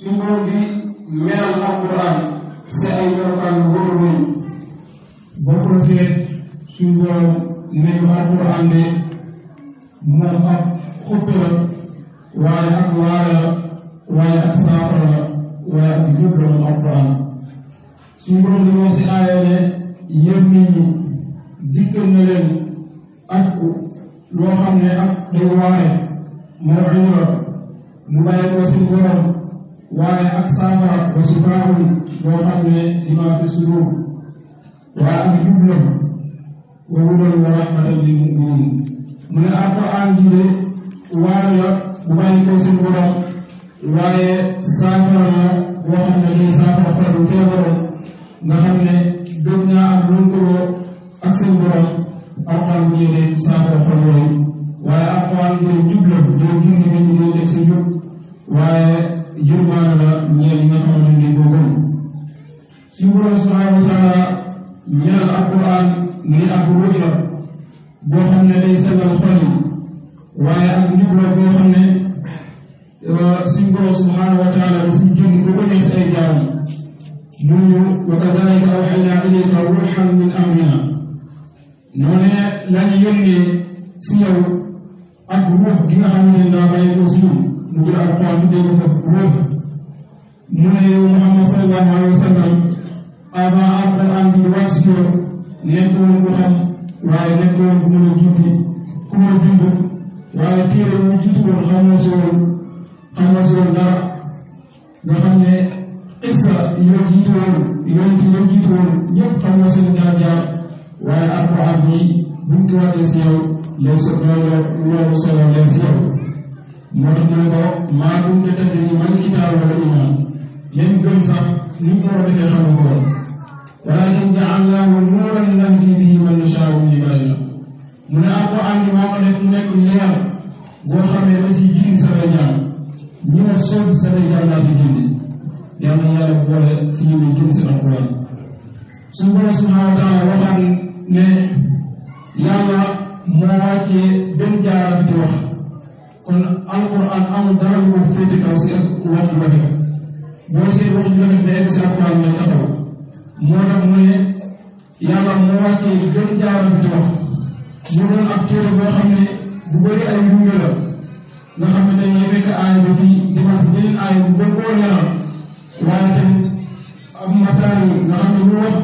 ci nguur bi melal alquran si ay melokaan wóor nañ bokk na seet suñ borom nañu alquran de moom ak xuppe waaye ak waare la waaye ak saafara waaye ak jub la moom alquran suñ borom si aaya ne yéen nit ñi dikkal ak loo xam ne ak day waare moo mu bàyyi ko suñ waaye ak saafara ba su gaawul loo xam ne dima fi sudur waaye ak jub la wa hudan wa rahmatan lil muminin mu ne alquran ji de waar la bu bàyyi ko seen borom waaye saafara la boo xam ne day saafara farlu feebaroon nga xam ne gëm naa am lëkkaloo ak seen borom alquran bu ñëwee saafara farlu waaye alquran ji de jub la doo jub ni ñu doo teg sa boo xam ne day sellal xol waaye ak njub la boo xam ne euh, suñ borom wa taala da suñ jëm ku ko neex si ay jaam duñu wa kadalika awxayna ilayka ruuxan min amrina noone lañu yónnee si yow ak ruux gi nga xam ne daa bàyyi ko si ñun mu jël alquran bi dégg fa ruux mu ne yow Muhammad sallallahu alayhi wa sallam avant alquran bi wàcc yow nekkoon ko xam waaye nekkoon ku mën a jiite ku mën a bind waaye téere ñu jiitu woon xam na si woon xam na si woon dara nga xam ne isra yoo jiitu woon yoon ki yoo jiitu woon ñëpp xam na seen jaar jaar waaye alquran bi buñ ko waxee si yow lay so loolu solo lay si yow moo tax ñu ko maa gunge tamit ni man kitaab wala iman leen gëm sax ni ko war a defee xamu ko woon walakin jaalnaahu nuuran nahdi bihi man nashaau min ibaadinaa mu ne alquran bi moo nekk leer boo xamee na si gindi samay jaam ñi ma soog samay jaam laa si gindi yal si ñu ngi si alquran suñu borom subhanahu wa waxaan ne yàlla moo wàccee benn jaaraat di wax kon alquran amul dara lu ko féete kaw si ak wax ju rafet boo see si alquran lay taxaw moo tax mu ne yàlla moo wàccee gën jaaram bi di wax mu doon ab téere boo xam ne bu bëri ay gunge la nga xam ne dañuy nekk aaya bi fii di wax beneen aaya bu gën koo leeral waaye tamit ab masaal nga xam ne lu wax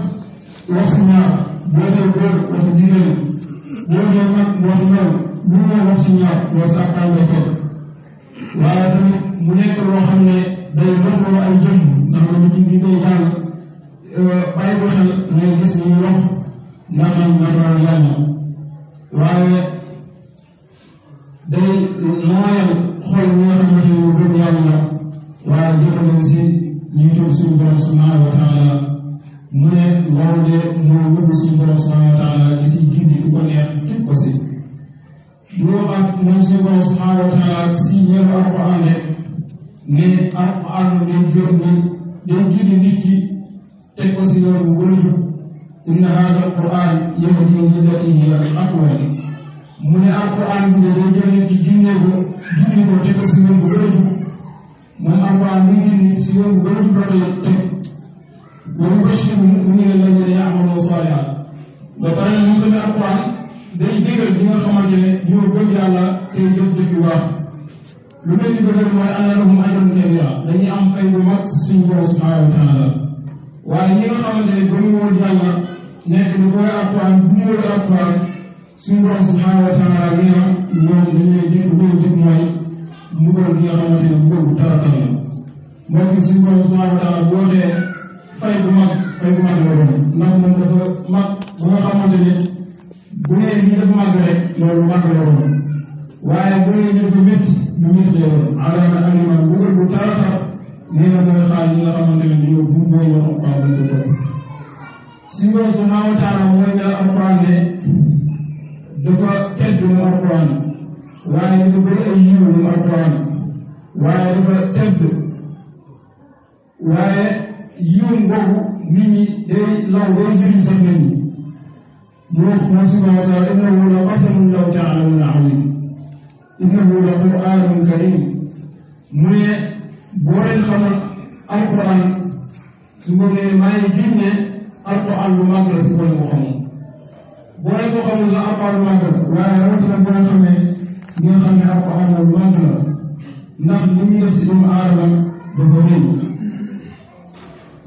wax si ñaar boo dee góor wax jigéen boo dee mag wax ndaw lu ma wax si ñaar wax sa ak waaye tamit mu nekk loo xam ne day wax ñoo ko doon jàng waaye day nooyal xol ñi nga xamante ni gëm yàlla waaye jëfaleen si njiitum suñu borom subhanahu wa taala mu ne loolu de mooy wëgg suñu borom subhanahu wa taala di si gindi ku ko neex teg ko si loo ak moom suñu borom subhanahu wa taala si ñeeru alquran de ne alquran day gëm ni day gindi nit ki teg ko si yoon bu gën a inna haada alquran yahdi lillati hiya aqwam mu ne alquran bi ne day jëmee ci junne ko junne ko teg si yoon bu gën a jub moom alquran bi ngi ni si yoon bu gën a jub la koy teg wa yubashiru lmuminina alladina yamaluuna salihat ba pare ñu gën a alquran day déggal ñi nga xamante ne ñoo gëm yàlla te jëf-jëf yu baax lu leen di bëgg mooy anna lahum ajran kabira dañuy am fay bu mag suñu borom subhanahu wa taala waaye ñi nga xamante ne gëmu woon yàlla nekk lu koy alquran dundal alquran suñu borom subhanahu wa taala bi nga ñoom dañuy jëkk góor jëkk mooy mbugal bi nga xamante ne mbugal bu tara tara la mbokk yi suñu borom subhanahu wa taala bu waxee fay bu mag fay bu mag la doon ndax moom dafa mag ba nga xamante ne bu nee lii dafa mag rek loolu mag la doon waaye bu nee lii dafa métti lu métti la doon alaana alima mbugal bu tara tara nee na mooy xaar ñi nga xamante ne dañoo bumboo yoon alquran dañ ko topp suñu borom subhanahu wa taala mooy ne dafa tedd mu alquran waaye waaye dafa tedd waaye yiwum boobu nit ñi day law day sëriñ sax nit ñi moo moo subhanahu wa taala la qasamun law taalamun azim innahu la qur'anun karim mu ne boo leen xamal alquran su ko nee maa ngi gis ne alquran bu mag la si borom ko xamul boo leen ko xamul la alquran mag la waaye rawatina bu leen xamee ñi nga xam ne alquran bu mag la ndax li mu def si doomu aadama dafa rëy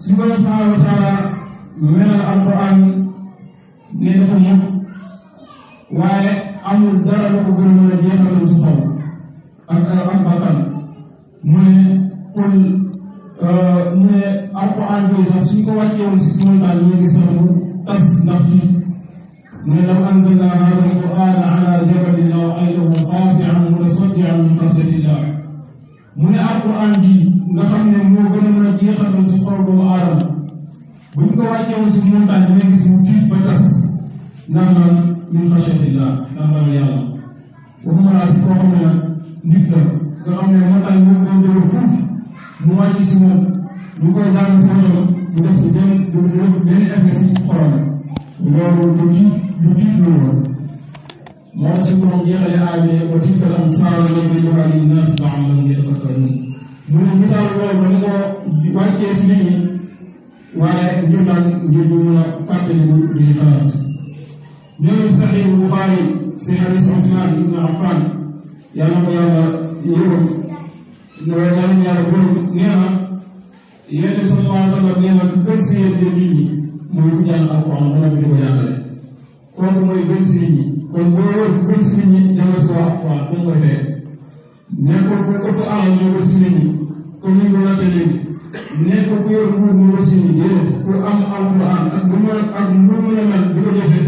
si borom subhanahu wa taala melal alquran ne dafa mag waaye amul dara lu ko gën mën a jeexal si xol ak ak bakkan mu ne qul Euh, mu ne alquran yooyu sax suñ ko wàccee woon si tool daal ñu ngi sax mu tas ndax fii mu ne law anzalna hada alquran ala jabalin la ra'aytahu xaasi'an mutasaddi'an min xasyatillah mu ne alquran ji nga xam ne moo gën a mën a jeexal si xol doomu aadama buñ ko wàccee mu tiit ba tas ndax lan min xasyatillah ndax si koo xam ne nit la nga xam mu wàcc si moom ñu koy jàng si moom mu def si benn benn effet si xolam loolu du ji du ji loolu moo si borom jeexale aay ba tilka al amsaalu nadribuha linnaas la'allahum yatafakkaruun mu ne misaal loolu dañ koo wàccee si nit ñi waaye ñu naan ngir ñu mën a fàttaliku di si xalaat ñooñu saxiihu Buxaari si xadiis Usmaan ibn Affaan yàlla ko yàlla yërëm tunawajani ya rabbi nema yeye sallallahu alaihi wasallam nema kwesi ya jamii mwe kuja na Qur'an na video yake kwa kwa kwesi nyinyi kwa kwa kwesi nyinyi na sallallahu alaihi wasallam ne ko ko ko ko aan yo kwesi nyinyi ko ni ko na tele ne ko ko yo ko mo kwesi nyinyi ko am alquran ak bu mo ak bu mo na man bu ko defe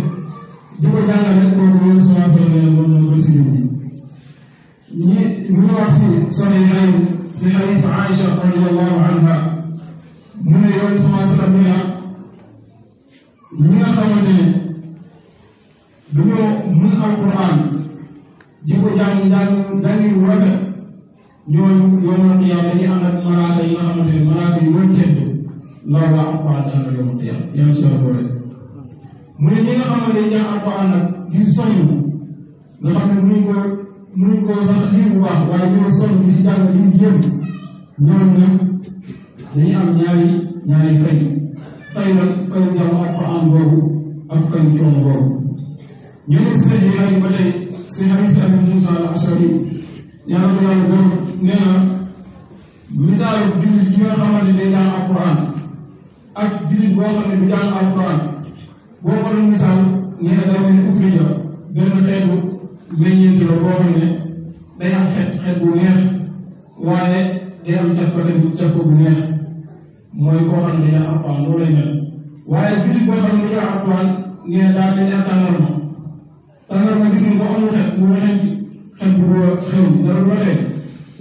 diko jangale ko yo ñi sahihayn si hadith Aïcha radiyallahu anha mu ne yow sama salaam ñu ñi nga xamante ne dañoo mun alquran di ko jàng jàng jàngi bu rafet ñooñu yawmal qiyaama dañuy ànd ak malaaka yi nga xamante ne malaaka yi wàccee loolu la alquran daan la yawmal qiyaama yan solo boole mu ne ñi nga xamante ne jàng alquran nag di soñu nga xam ne mënuñ ko mënuñ koo sax lii bu baax waaye ñoo sonn di si jàng di jéem ñoom nag dañuy am ñaari ñaari fay fay nag fay jàng alquran boobu ak fay coono boobu ñoom sëñ yi ba tey sëñ Aïssa Abi Moussa al Ashari yàlla ko yàlla boobu nee na misaal jullit yi nga xamante ne jàng alquran ak jullit boo xam ne du jàng alquran boo ko doon misaal nee na dafa mel ni benn xeetu meññeent la boo xam ne day am xet xet bu neex waaye day am càppate bu càpp bu neex mooy koo xam ne yaa alquran loolu lay mel waaye jullit boo xam ne yaa alquran ne daal dañ am tàndarma tàndarma gis nga boo amul xet bu neex xet bu doo xew dara doo xew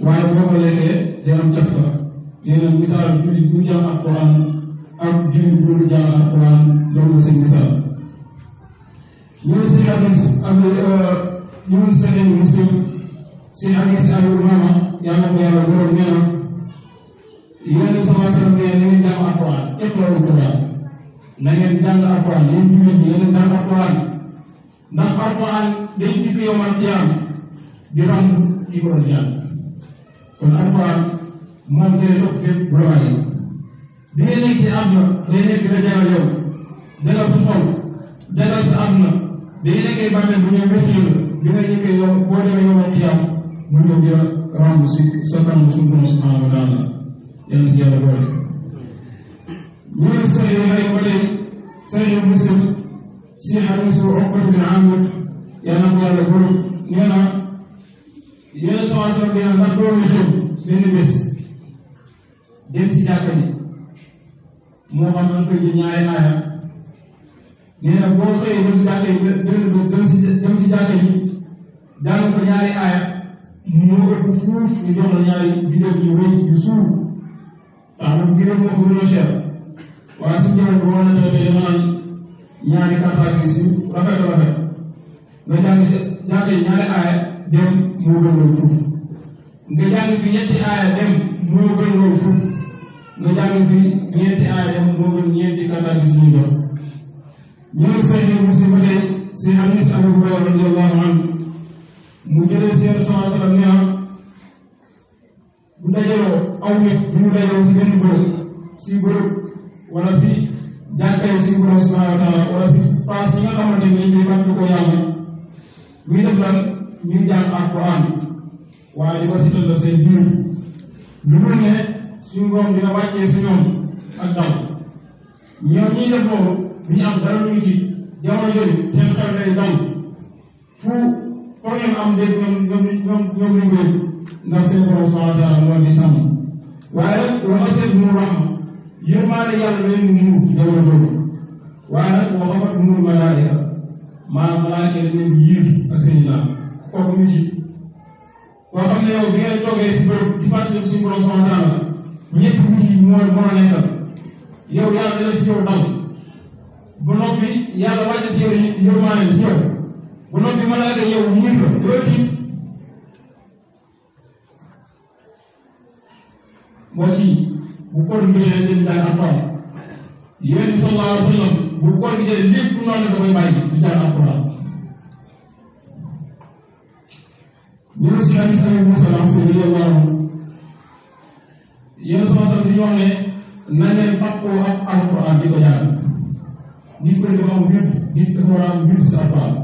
waaye boo ko lekkee day am càpp nee na misaal jullit bu jàng alquran ak jullit bu dul jàng alquran loolu si misaal ñëw si xadis ak mun sedang muslim siapa ali sayyid yang mau yang berdoa ia itu sama seperti ini dalam Al-Quran Itu yang dalam Al-Quran Yang juga di dalam Al-Quran Dalam Al-Quran Dari TV yang matiam Diram Ibrahimnya Dan Al-Quran Mereka itu berbahaya Dia ini ke Dia ini ke Raja Raja Dia ini ke Sufol Dia ini ke Abna Dia ini ke Ibrahim Dia ini bi nga jëkkee yow boo demee yow ak yàlla mën nga jël ràmm si sa kanam suñu borom subhanahu wa taala yàlla si yàlla boole. ñu ngi sëy rek ba léegi sëy muslim si xadisu Uqbat bin Amir yàlla ko yàlla borom nee na yéen sama sëb yàlla ndax doomu jëm benn bés dem si jàkka ji moo xam ne koy jël ñaari naaya nee na boo xëyee dem si jàkka ji dem si dem si jàkka ji jàng ko ñaari aaya moo ëpp fuuf ñu jox la ñaari bidéew yu rëy yu suuf ndax moom bidéew moo ko gën a cher waaye suñu jàng ko war na tey maanaam ñaari campagne si rafet a rafet nga jàng si jàngee ñaari aaya dem moo gën loolu fuuf nga jàng fi ñetti aaya dem moo gën loolu fuuf nga jàng fi ñeenti aaya dem moo gën ñeenti campagne si ñu jox ñoom sëñ bi mu si ba tey si hadis Abu Hurayra radiyallahu anhu mu jëlee seen chance la ne bu dajaloo aw nit bu ñu dajaloo ci benn bërëb si bërëb wala si jàkkee si borom subhanahu wa taala wala si paas yi nga xamante ni ñu fàttali ko yàlla muy def lan ñu jàng alquran waaye di ko si tëdd say biir lu mu ne suñu borom dina wàccee si ñoom ak dal ñoom ñuy def loolu du ñu am dara lu ñu ci jamono jooju seen xel lay dal fu problème am dégg ñoom ñoom ñoom ñu ngi ndax seen borom subhanahu wa taala moo di sàmm waaye wala seen mu raxma yërmaane yàlla leen mu muur dawla loolu waaye nag wa xamat muur malaayika maa malaayika leen yiir ak seen laam kooku ñu ci koo xam ne yow bi nga toogee si bërëb di fàttali si borom subhanahu wa taala ñëpp nit yi moo moo nekkal yow yàlla dana si yow dal ba noppi yàlla wàcce si yow yërmaane si yow bu noonu bi malaaka yow ñiir la loo tiit mbokk yi bu koor bi jëlee dañ daan alquran yonent bi sallallahu alayhi wa sallam bu koor bi jëlee lépp noonu da koy bàyyi di jàng alquran ñu si hadis Abi Muusaa al-Ash'ari radiyallahu anhu yéen sama sax di wax ne na leen fàqoo ak alquran di ko jàng nit ko dafa am nit dafa war a am nit si alquran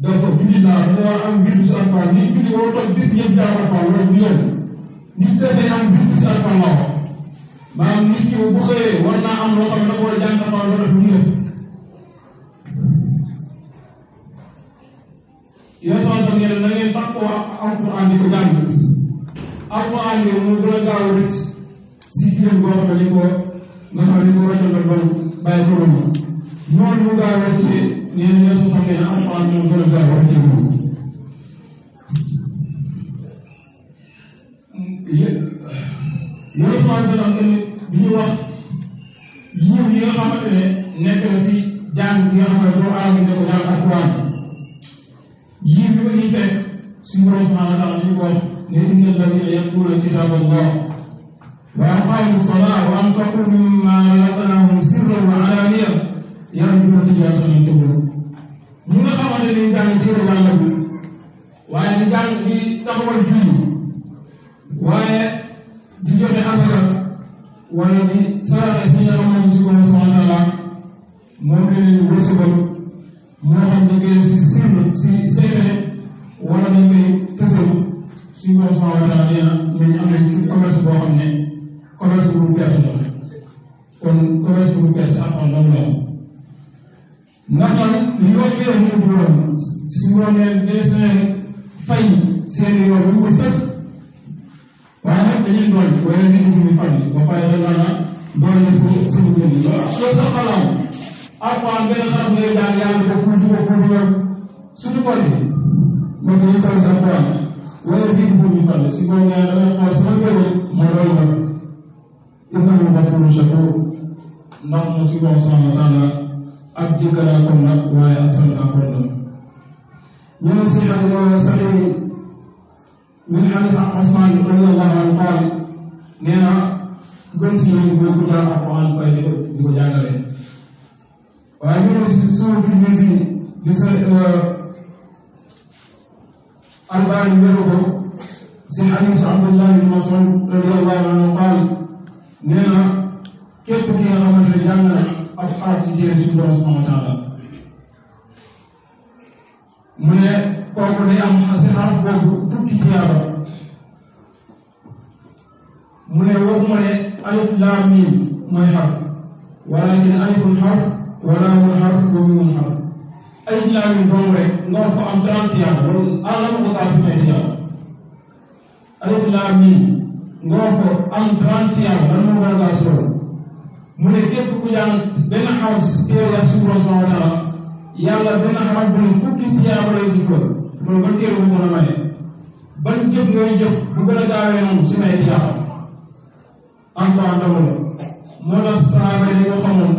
dafa julli naa moo am mbir bu sàrfaan ni julli woo toog bis ñëpp jaaxal ko loolu du yoon nit dafay am mbir bu sàrfaan la ko maanaam nit ki bu xëyee war naa am loo xam ne war a jàng xam loo def lu mu def yow sama sam nee na ngeen tàqoo alquran di ko jàng alquran bi mu gën a gaaw rek si jigéen boo xam ne li ko nga xam ne li ko rajal la loolu bàyyi ko loolu noonu mu gaaw rek nee na weesu Fakee na alxuraan moo gën a gaaw wax dëgg yonent bi aleyhi salaam tamit bi ñu wax yiw yi nga xamante ne nekk na si jàng bi nga xam ne doo aar ne ko jàng alxuraan yiw bi ñuy fekk suñu borom subhaanahu wa taala ñu wax ne inna alladina yatluuna kitaaba allah wa aqaamu salaa wa anfaqu mimma razaqnahum sirran wa alaaniya yarjuna tijaaratan lan tabuur ñi nga xamante ni jàng ci yàlla bi waaye di jàng di taxawal julli waaye di joxe asaka wala di saraxe si yàlla moom si borom subhanahu wa taala moom la ñuy wërsëgal moo xam dañ koy si sirr si secret wala dañ koy tësal si borom subhanahu wa taala nee na am nañ commerce boo xam ne commerce bu bees la kon commerce bu bees ak loolu la naxal yoo fee mu woon su woonee des fay seen i yoon bu sëkk waaye nag dañuy doon wala ñu ngi suñu fan ba pare ba naan doon na su suñu gën yi loolu soo sa xalaat alquran benn xarab lay daal yàlla ko fu ko fu ko suñu ko di ma ko ñu saw sa borom wala si bu ñu fan si ko ñaar la ko sama gën ma doon ma inna mu ba fu mu sa ko ndax mu si ko sama taala ab jëkkalaakoon nag waaye ab santaakoon la ñoo si xam waa saxee min xarit ak Osman radiyallahu anhu qaal nee na gën si yéen mooy ku jaar alquran bay di ko di ko jàngale waaye ñu ne si suuf fi ñu si di sa euh, albaani wéru ko si xadiis Abdullah bin Mas'ud radiyallahu anhu qaal nee na képp ki nga xamante ne jàng na ak xaaj ci téere suñu borom subhanahu wa taala mu ne kooku day am xase xaraf boobu fukki tiyaaba mu ne waxuma ne alif laam miim mooy xarf walakin aliful xarf walaamul xarf wa miimul xarf alif laam miim boobu rek nga ko am trente tiyaaba loolu alama ko taal si may tiyaaba alif laam miim nga ko am trente tiyaaba lan moo gën a gaaw mu ne képp ku jàng benn xaraf si téere yàlla suñu borom subhanahu wa taala yàlla benn xaraf bu ne fukki tiyaaba lay si ko loolu ban téere bu mën a maye ban jëf ngay jëf bu gën a gaawee noonu si may tiyaaba encore dama la moo tax saaba yi nga xamoon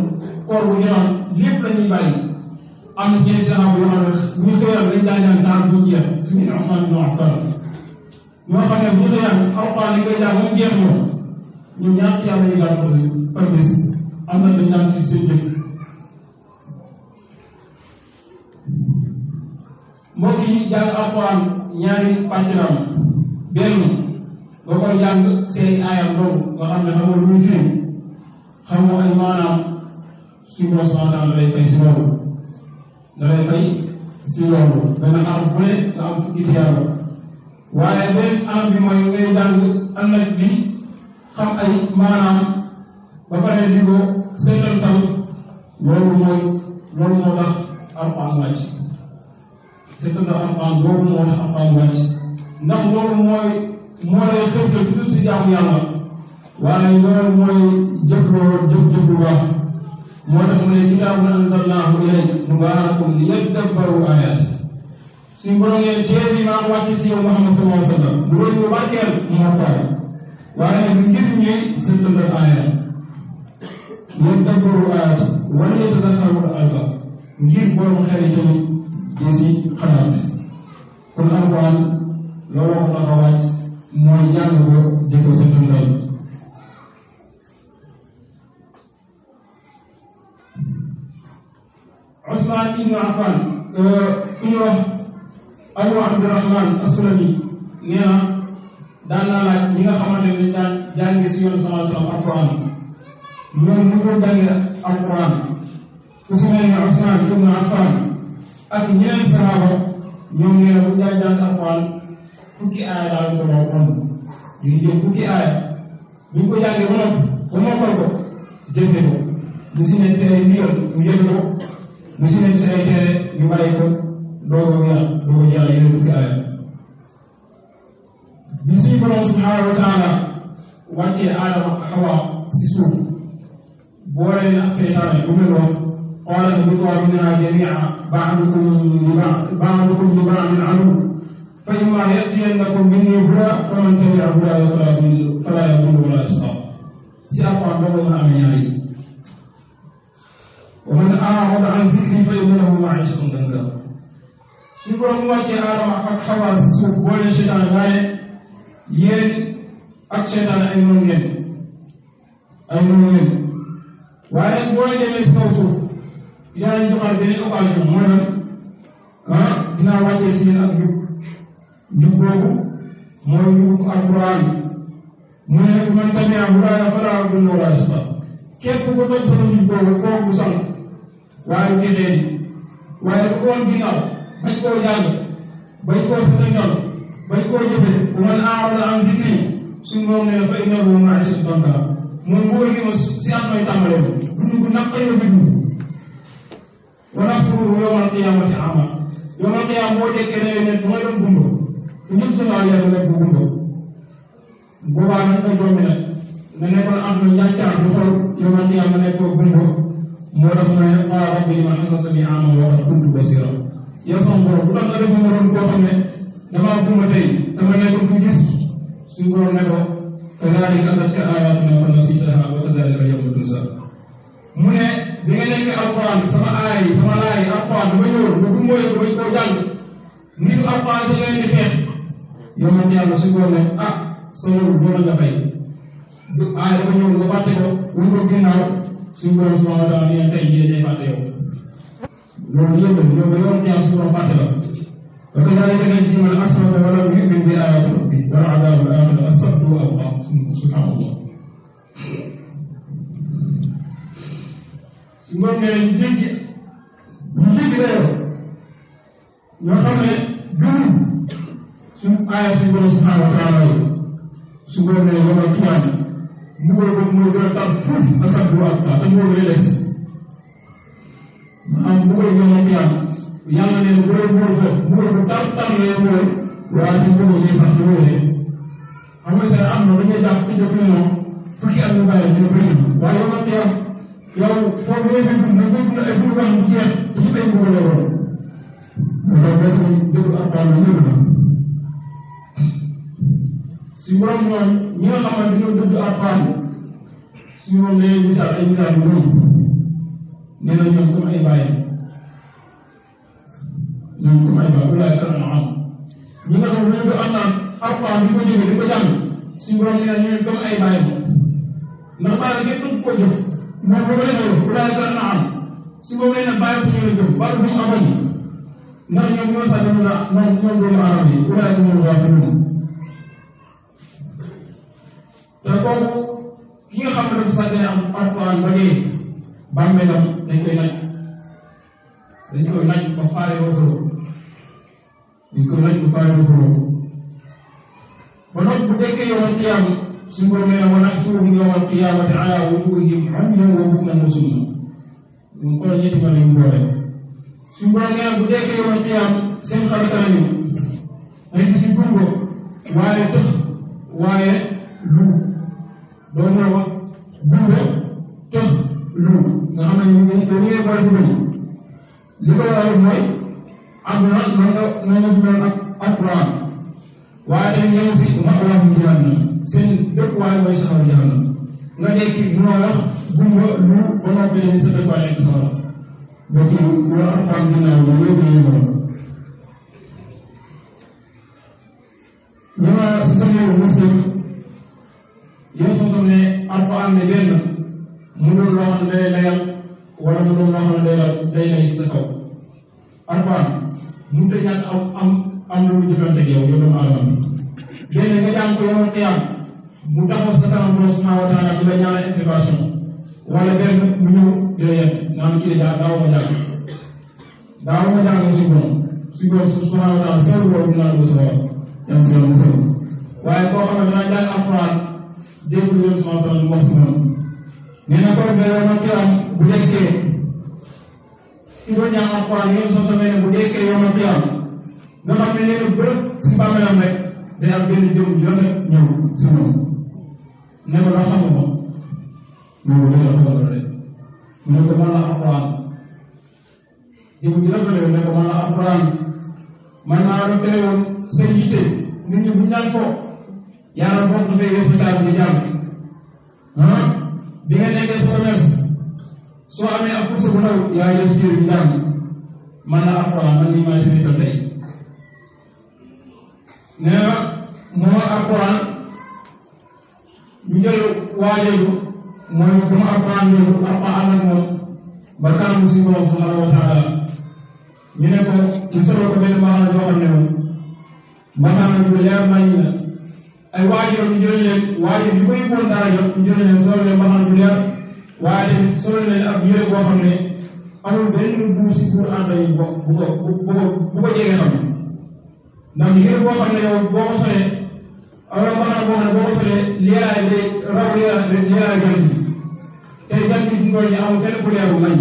koor bu ñu am lépp la ñuy bàyyi am na ñeenti saaba yoo xam ne bu ñu xëyal dañ daa ñaan daal bu jeex suñu Usmaan ibn Affaan ñoo xam ne bu ñu xëyal alxuraan li koy jàng moom jeex moom ñoom ñaar tiyaaba yi daal ko par bés am na dañ naan ci seen jëf mbokk yi jàng alxuraan ñaari pàcc la am benn nga koy jàng seen aayam boobu nga xam ne xamoo lu muy firi xamoo ay maanaam suñu bopp subhanahu wa taala lay fay si loolu da lay fay si loolu benn xaraf bu ne nga am fukki tiyaaba waaye benn anam bi mooy ngay jàng anam bi xam ay maanaam ba pare di seetal tamit loolu mooy loolu moo tax alxuraan wàcc seetal na alxuraan loolu moo tax alxuraan wàcc ndax loolu mooy moo lay xëpp toujours si jaamu yàlla waaye loolu mooy jëf loolu jëf jëf lu baax moo tax mu ne kitaabun anzalnaahu ilayka mubaarakun liyadabbaru aayaat suñu borom ne téere bi maa wàcc si yow Muhammad sallallahu alayhi wa sallam bu loolu lu barkeel moo tax waaye nag ngir ñuy seetal aaya ñun tàggatoo aayat wala yéen a naan alba ngir borom xel yi tamit di si xalaat kon alquran la waxoon na ko wàcc mooy jàng ko di ko setantal Usmaan ibn Affan euh, ku ñu wax Abu Abdurahman Asulami nee na daan naa laaj ñi nga xamante ne daan jàng si yoonu sama sama alquran loolu ñu ko jàngee alquran ku si mel ne Usmaan ibn Affan ak ñeneen saxaaba ñoom nee na bu ñu daan jàng alquran fukki aaya daal ko moo kon ñu ngi jël fukki aaya bu ñu ko jàngee ba noppi ba mokkal ko jëfe ko lu si nekk ci ay ndigal mu jëfe ko lu si nekk ci ay tere ñu bàyyi ko doogo yàq doogo yàq yeneen fukki aaya bi suñu borom subhanahu wa taala wàccee aadama xawa si suuf بورين سيطان يقول قال اهبطوا منها جميعا بعضكم لبعض بعضكم لبعض عدو فإما يأتينكم مني هدى فمن تبع هداي فلا يضل ولا يشقى سيقع قبل أمياني ومن أعرض عن ذكري فإن له معيشة ضنكا شكرا لك يا رب أك خواص سبول الشيطان غاية ين أك شيطان أيمن ين أيمن ين waaye booy demee si kaw suuf yàlla joxal beneen occasion mooy lan ah dinaa wàccee si yéen ak jub jub boobu mooy jub alquran mu ne man tamit am hudaaya falaa adilla wa laa yashqa képp ku doon sama jub boobu kooku sax waaye bu jëlee waaye bu ko woon ginnaaw bañ koo jàng bañ koo sëriñal bañ koo jëfe bu man aarada an zikri suñu borom ne fa innahu ma'iishatun dankaa moom bu ko gis si at may tàmbalee dund bu naqaree bi dund wa nasuruhu yawmal qiyaamati amaa yawmal qiyaama boo dekkee ne ne dama doon dund te ñun suñu àll yàlla nekk bu dund boobaa nag nga jommi nag nga nekkoon am na njàccaar bu sol yawmal qiyaama nekk bu dund moo tax ma ne qaala rabbi lima hasartani a'maa wa qad kuntu basiira yow sama borom bu tax nga def ma doon koo xam ne damaa gumba tey dama nekkoon ku gis suñu borom ne ko كذلك أتتك آياتنا فنسيتها وكذلك اليوم تنسى mu ne bi nga nekk alquran sama aay sama laay alquran dama ñëw ba bu mooy ba koo jàng ni ko alquran sa leen di xeex yow man yàlla su ko ne ah sa loolu boo la fay du aay dama ñëw nga fàtte ko wala ko ginnaaw suñu borom subhanahu wa taala ne tey jii day fàtte yow loolu yëpp yow yow man yàlla su ko fàtte la parce que daal dangay si man asama wala yu'min bi ayati rabbi wala adaabu al-aaxira asabtu aw subhanallah ngóob nga leen jéggi jéggi dayoo ñoo xam ne gëmul suñu aaya suñu borom subhanahu wa taala yi su ngóob nga leen wala tuwaan mu ngóob ko mooy gën a tax fuuf asab bu ak ak ngóob lay des maanaam mu ngóob nga leen yàlla yàlla ne bu doon ngóob ko mu ngóob ko tar tar lay ngóob waaye ñu ngóob lay sax du ngóob xam nga am na dañuy jàpp ci jëkk ñoom fukki at ñu bàyyi ñu bëri waaye yow nag yow foo ko yéexee dugub nag foofu la ay dugub wax bu jeex dafa ay dugub la woon loolu rek moom déglu alquran la wér na si borom moom ñi nga xamante ñoo déglu alquran si moom lay misaal ay misaal yu bëri nee na ñoom comme ay bàyyi ñoom comme ay bàyyi walaay kàlla am ñi nga xam ne dañu ko àndaan alquran bi ko jëlee di ko jàng si borom nee na ñoom comme ay bàyyi ndax bàyyi kenn du ko jëf moko reñu wala da na am su bo meena baye su ñu jëm ba lu ñu amani ndax ñoom ñoo sa ñu la ma ñoom do lu arabi wala ñu ñu wa fi ñu da ko ki nga xam na sa day am alquran ba ngay bamé la dañ koy nañ dañ koy nañ ba faaré wo do ñu ko nañ ba faaré wo do ba nak bu dékké yow ci yaamu suñu borom nee na wa nahshuruhum yawmal qiyaamati alaa wujuuhihim umyan wa bukman wa summan ñu xool ñetti fan yu boole suñu borom nee na bu dekkee yawmal qiyaam seen xar kanam yi dañ ci gungo waaye tëx waaye lu doo mën a wax gungo tëx lu nga xam ne ñu ngi dañu ngeen boole ci bëri li ko waral mooy àdduna na nga na nga ak alquran waaye dañ ñëw si maxwaahum jahannam seen dëkkuwaay mooy safara jahannam nga nekki moo wax gumba lu ba noppi ne sa dëkkuwaay nekk safara bokk na loolu alquran bi naan ba loolu la ñu ñu ma si sama muslim yow soo ne alquran ne benn mu doon loo xam ne day layal wala mu doon loo xam ne day lay sa kaw alquran mu tëjaat am අනුරූප කරන්න කියන මොන ආරම්භය. දැන් මෙතන කොහොමද යන්න? මුදවස්සතම ප්‍රශ්නාවතාර අභිඥාන විවාසම. වලදෙන් මුනු යේ නම් කියලා දාවම යන. දාවම යන සිබුන. සිබුන සුසුනාවත සර්ව වුණා නුසව. යම් සරම සර. වය කොහොමද නැදන් අපරාධ දෙවියන් සමසන මොස්තන. මෙනකොට මෙවනක් යම් බුදෙක්ගේ ඉතින් යම් අපරාධ සමසන බුදෙක්ගේ යොමතියා nga xam ne nee na bërëb si bàmmeelam rek day am benn jëm jone ñëw si moom ne ko la xamu ma loolu la xamal rek mu ne ko man la alquran jëm ji rafetlu ne ko man la alquran man naa lu tere woon sa yitte nit ñi bu ñaan ko yàlla bokk na yow si daal di jàmm ah bi nga nekkee sa commerce soo amee ak course bu ndaw yaa ngi leen di jëriñ jàmm man la alquran man li ma si nekkal tey nee na moom alquran ñu jël waajeeju mooy bu ma alquran yóbbu alquran nag moom ba kanam suñu borom subhanahu wa taala ñu ne ko ñu solo ko benn maanaam yoo xam ne moom maanaam lu leer nañ la ay waajeeju ñu jël leen waajeeju ñu koy bon dara jot ñu jël leen solo leen maanaam lu leer waaye tamit solo leen ak yére boo xam ne amul benn buus pour ànd yi bu ko bu ko bu ko jege xam ndax yéen boo xam ne yow boo ko solee wala maanaam boo xam ne boo ko solee leeraay bi raw leeraay bi leeraay jant bi te jant bi suñu tool yi amul kenn ku leerul nañ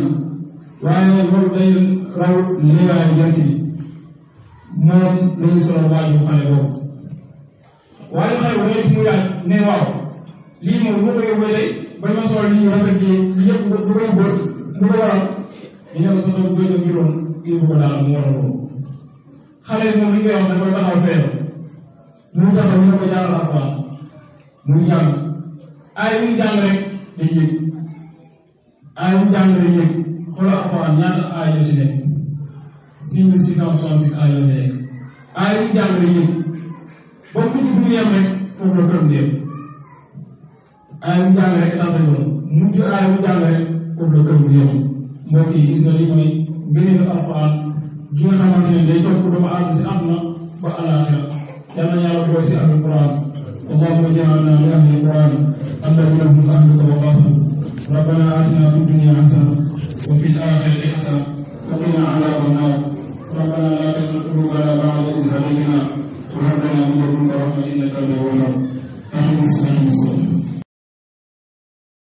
waaye loolu day raw leeraay jant bi moom dañuy solo waa ju xale boobu. waa ju xale boobu suñu yaay ne waaw lii moom bu ko yóbbee tey ba ma sol lii rafet bi yëpp bu ko yóbboo bu ko waral ñu ne ko sa tool bu ko yóbbee juróom kii bu ko daal mu waral xale bi moom li koy wax da koy taxaw fee mu taxaw ñu ne ko jàngal alquran muy jàng aay muy jàng rek day yëg aay muy jàng day yëg xoolal alquran ñaata aay yoo si nekk six mille six cent soixante six aay yoo si nekk aay muy jàng day yëg boo ko ci fu mu yem rek foofu la këram dem aay muy jàng rek état sa yoon mujj aay muy jàng rek foofu la këram dem mbokk yi gis nga li mooy gënee alquran gina xamantene day topp do ba ci aduna ba alakhir yalla ñaanal ko ci ak qur'an اللهم اجعلنا لأهل القرآن الذين هم أهل طبقات ربنا آتنا في الدنيا حسنة وفي الآخرة حسنة وقنا عذاب النار ربنا لا تزغ قلوبنا بعد إذ هديتنا وهب لنا من لدنك رحمة إنك أنت الوهاب أحمد السلام والصلاة